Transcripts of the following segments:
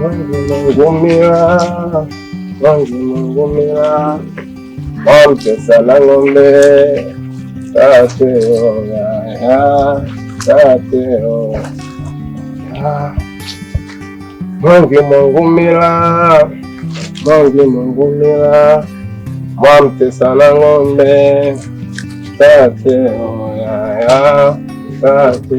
wangimengumira wangimengumira wampesa la ng'ombe sateoaya sateo mwangimengumira mwangimengumira mwampesa la ng'ombe yaya sate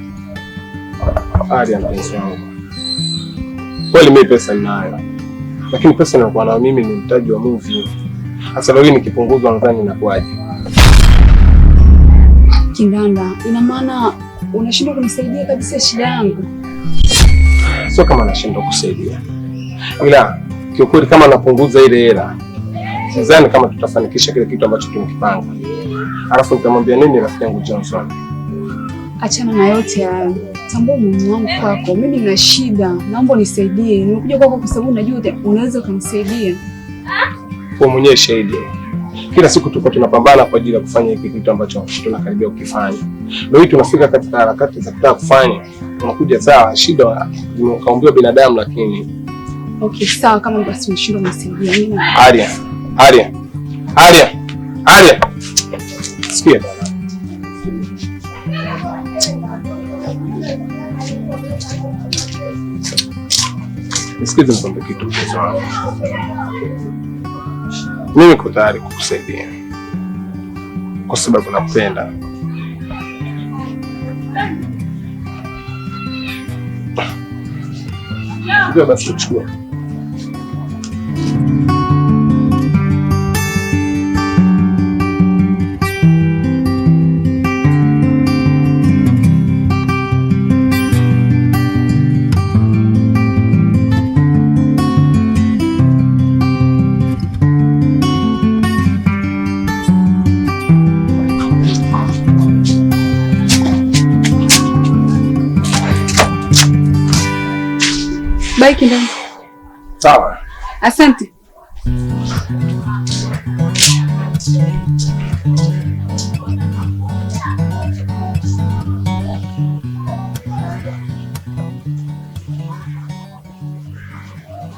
ari ya mpenzi wangu. Kweli mimi pesa ninayo, lakini pesa inakuwa nayo mimi ni mtaji wa movie. Hasa leo nikipunguzwa, nadhani inakuwaje? Kinganda, ina maana unashindwa kunisaidia kabisa shida yangu? Sio kama nashindwa kusaidia, ila kiukweli, kama napunguza ile hela, sidhani kama tutafanikisha kile kitu ambacho tumekipanga. Alafu nitamwambia nini rafiki yangu Johnson? Achana na yote hayo, tambua mume wangu kwako. Mimi nina shida, naomba unisaidie. Nimekuja kwako kwa sababu najua unaweza ukanisaidia. Kwa mwenyewe shahidi, kila siku tuko tunapambana kwa ajili ya kufanya hiki kitu ambacho tunakaribia kukifanya. Leo hii tunafika katika harakati za kutaka kufanya, unakuja sawa, shida kaumbiwa binadamu, lakini okay, sawa. Kama basi mshindwa unisaidia. Aria, aria, aria, aria, sikia Nisikize nikwambie kitu mpenzi wangu, mimi niko tayari kukusaidia kwa sababu nakupenda. Basi chukua Baki ndani. Sawa. Asante.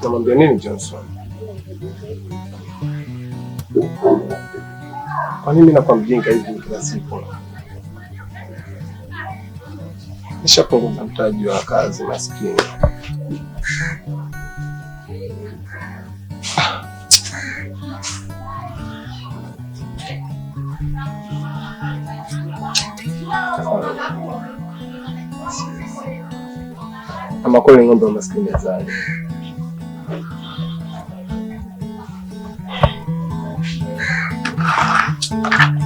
Namwambia nini Johnson? Kwa nini nakuwa mjinga hivi kila siku? Nishapunguza mtaji wa kazi maskini. Ama kweli ng'ombe maskini sana.